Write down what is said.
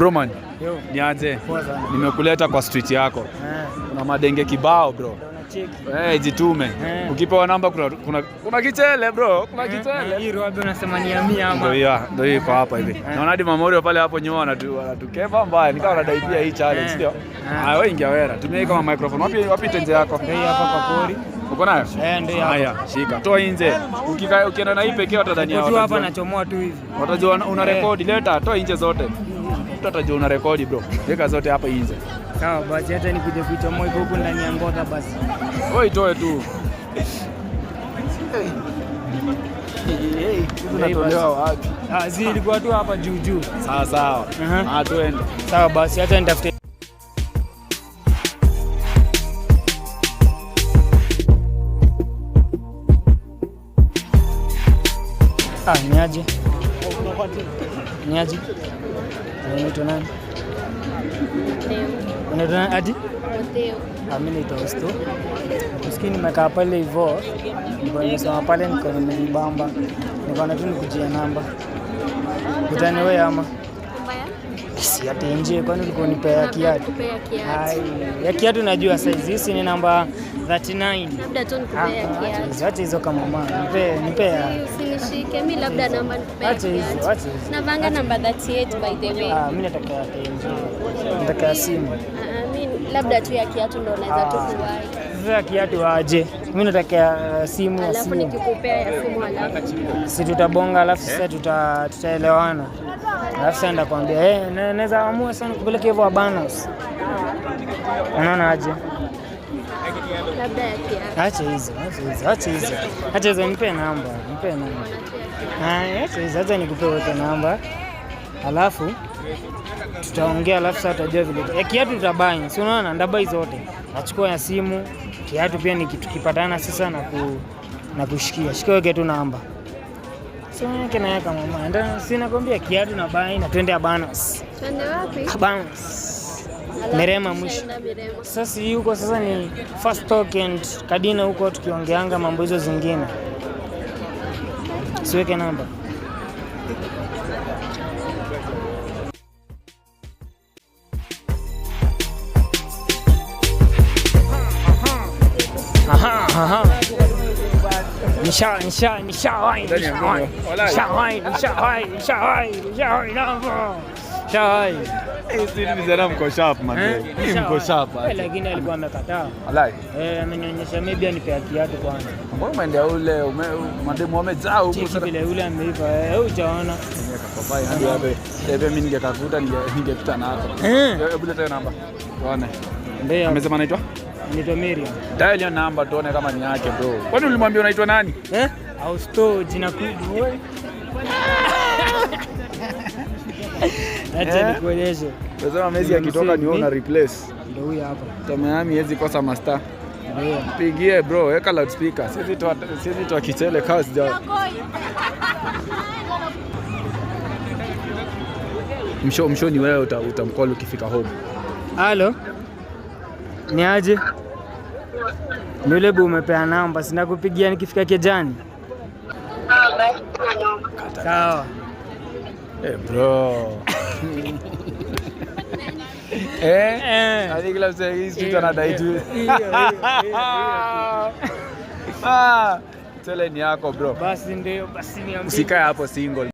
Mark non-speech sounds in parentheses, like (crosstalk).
Broman, niaje? Nimekuleta kwa street yako kuna eh. madenge kibao bro. Hey, eh, jitume yeah. Ukipewa namba kuna, kuna, kuna kichele bro, kuna eh, kichele ndio hii kwa hapa hivi Naona hadi Mamorio pale hapo nyuma wanatukeva mbaya, nikawa pia hii challenge ndio. Ah, wewe ingia wera, tumia kama microphone. Wapi wapi tenje yako? Hii hapa kwa pori. Uko nayo? Eh, ndio. Haya, shika. Toa nje. Ukienda na hii pekee watadhania hapa nachomoa tu hivi. Watajua una record, leta toa nje zote mtu atajua una rekodi bro. Weka zote hapa inje. Sawa basi, hata nikuje kuchomoa iko huko ndani ya ngota basi. Wewe itoe tu. Tunatolewa ah, tu hapa juu juu. Sawa sawa. Ah, tuende. Sawa basi, hata nitafute Ah, niaje? Niaje? Unaitwa nani? Unaitwa nani hadi? Mimi naitwa Usto. Maskini nimekaa pale hivyo. Nilikuwa nimesema pale niko nimebamba. Nikaona tu nikujia namba. Utaniwe ama? Si ati nje, kwani ulikuwa nipea kiatu? Hai, ya kiatu najua size hizi ni namba 39. Labda tu nikupea ah, kiatu. Acha hizo kama mama. Nipe, nipe. Usinishike mimi labda namba nipe. Acha hizo, acha hizo. Na banga namba 38 by the way. Ah, mimi nataka ya nje. Nataka ya simu. Ah, mimi ah, labda tu ya kiatu ndio naweza tu ah. kuwahi. Sasa kiatu aje? Mimi nataka ya simu. Alafu nikikupea ya simu alafu. Si tutabonga alafu sasa tuta tutaelewana alafu sasa ndakwambia eh, naweza amua sana kupeleka hivyo abanos. Unaona aje? Acha hizo, acha hizo, acha hizo, nipe namba, nipe namba. Acha hizo, acha nikupe wote namba, alafu tutaongea, alafu sasa tutajua vile eh, kiatu tutabai, si unaona, ndabai zote, nachukua ya simu, kiatu pia nikitukipatana sisa na kushikia, shikia tu namba yake na yaka mama. Ndio si nakwambia kiatu na bai na twende Abanos. Twende wapi? Abanos. Merema mwisho. Sasa yuko sasa ni first talk and Kadina huko tukiongeanga mambo hizo zingine. Siweke namba. Aha, aha. 你下你下你下坏你下坏你下坏你下坏你下坏你下坏 shai vijana mko sharp man, mko sharp lakini alikuwa amekataa alai, eh, amenionyesha maybe anipe haki kwanza. Mbona umeendea ule mademu wamejaa huko sasa, vile ule ameiva eh, utaona ebe mimi ningekakuta ningepita nako. Hebu leta namba tuone, amesema anaitwa Naitwa Miriam. Dial namba tuone kama ni yake bro. Kwani ulimwambia unaitwa nani? Eh? Au store jina kubwa (laughs) wewe. Acha eh? nikueleze. Unasema Messi akitoka ni una replace. Ndio huyu hapa. Tamiami hezi kosa master. Yeah. Pigie bro, weka loudspeaker. Sisi tu sisi tu kitele kazi jao. Msho msho ni wewe utamcall ukifika home. Halo. Ni aje? Ni yule bu umepea namba, sinakupigia nikifika kijani. Sawa. Eh, bro. (laughs) Eh? Eh. Kila mtu hizi anadai tu. (laughs) Ah, tele ni yako bro. Basi ndio, basi niambie. Usikae hapo single.